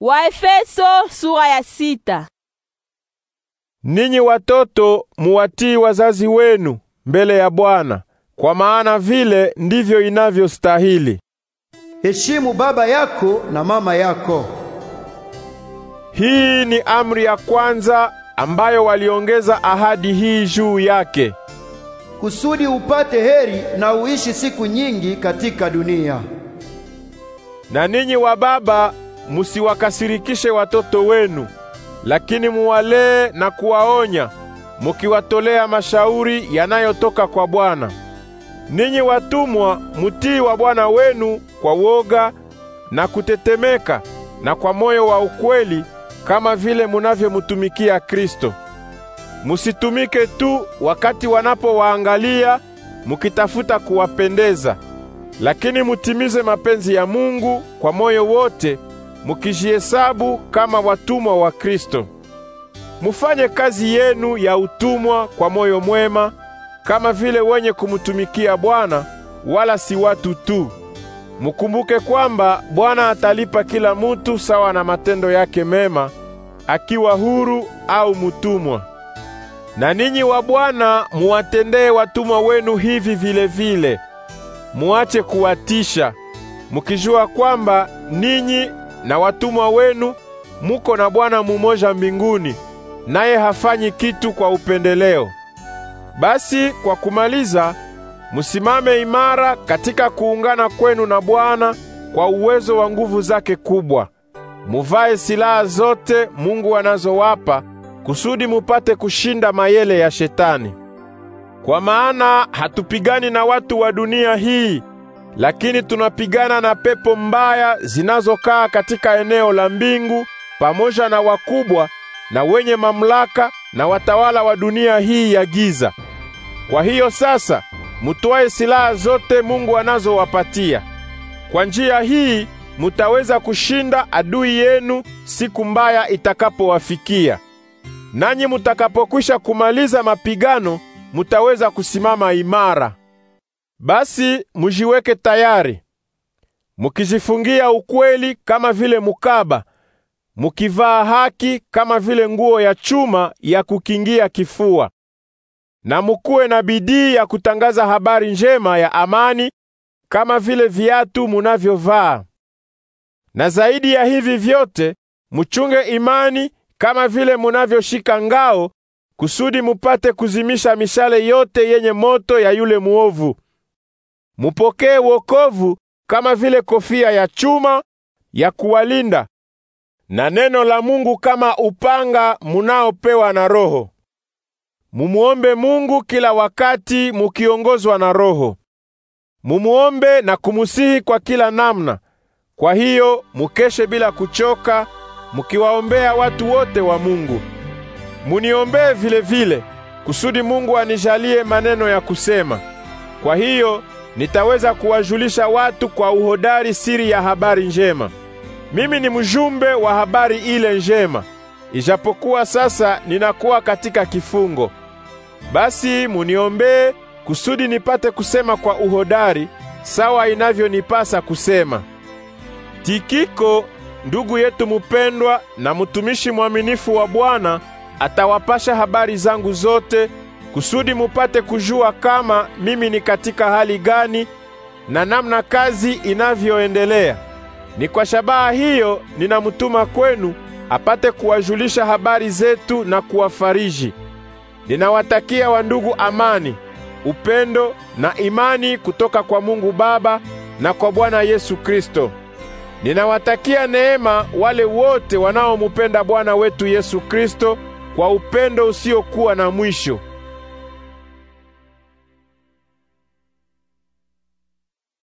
Waefeso sura ya sita. Ninyi watoto muwatii wazazi wenu mbele ya Bwana, kwa maana vile ndivyo inavyostahili. Heshimu baba yako na mama yako. Hii ni amri ya kwanza ambayo waliongeza ahadi hii juu yake, kusudi upate heri na uishi siku nyingi katika dunia. Na ninyi wababa musiwakasirikishe watoto wenu, lakini muwalee na kuwaonya, mukiwatolea mashauri yanayotoka kwa Bwana. Ninyi watumwa, mutii wa bwana wenu kwa woga na kutetemeka na kwa moyo wa ukweli, kama vile munavyomutumikia Kristo. Musitumike tu wakati wanapowaangalia mukitafuta kuwapendeza, lakini mutimize mapenzi ya Mungu kwa moyo wote mukijihesabu kama watumwa wa Kristo. Mufanye kazi yenu ya utumwa kwa moyo mwema kama vile wenye kumtumikia Bwana wala si watu tu. Mukumbuke kwamba Bwana atalipa kila mutu sawa na matendo yake mema, akiwa huru au mutumwa. Na ninyi wa Bwana muwatendee watumwa wenu hivi vile vile. Muache kuwatisha, mukijua kwamba ninyi na watumwa wenu muko na Bwana mumoja mbinguni, naye hafanyi kitu kwa upendeleo. Basi kwa kumaliza, musimame imara katika kuungana kwenu na Bwana kwa uwezo wa nguvu zake kubwa. Muvae silaha zote Mungu anazowapa kusudi mupate kushinda mayele ya Shetani. Kwa maana hatupigani na watu wa dunia hii lakini tunapigana na pepo mbaya zinazokaa katika eneo la mbingu pamoja na wakubwa na wenye mamlaka na watawala wa dunia hii ya giza. Kwa hiyo sasa, mutwae silaha zote Mungu anazowapatia. Kwa njia hii mutaweza kushinda adui yenu siku mbaya itakapowafikia. Nanyi mutakapokwisha kumaliza mapigano, mutaweza kusimama imara. Basi mujiweke tayari, mukijifungia ukweli kama vile mukaba, mukivaa haki kama vile nguo ya chuma ya kukingia kifua, na mukuwe na bidii ya kutangaza habari njema ya amani kama vile viatu munavyovaa. Na zaidi ya hivi vyote, muchunge imani kama vile munavyoshika ngao, kusudi mupate kuzimisha mishale yote yenye moto ya yule muovu mupokee wokovu kama vile kofia ya chuma ya kuwalinda na neno la Mungu kama upanga munaopewa na Roho. Mumuombe Mungu kila wakati mukiongozwa na Roho. Mumuombe na kumusihi kwa kila namna. Kwa hiyo mukeshe bila kuchoka, mukiwaombea watu wote wa Mungu. Muniombee vile vile kusudi Mungu anijalie maneno ya kusema. Kwa hiyo nitaweza kuwajulisha watu kwa uhodari siri ya habari njema. Mimi ni mjumbe wa habari ile njema, ijapokuwa sasa ninakuwa katika kifungo. Basi muniombee kusudi nipate kusema kwa uhodari sawa inavyonipasa kusema. Tikiko ndugu yetu mupendwa na mtumishi mwaminifu wa Bwana atawapasha habari zangu zote kusudi mupate kujua kama mimi ni katika hali gani na namna kazi inavyoendelea. Ni kwa shabaha hiyo ninamutuma kwenu apate kuwajulisha habari zetu na kuwafariji. Ninawatakia wandugu amani, upendo na imani kutoka kwa Mungu Baba na kwa Bwana Yesu Kristo. Ninawatakia neema wale wote wanaomupenda Bwana wetu Yesu Kristo kwa upendo usiokuwa na mwisho.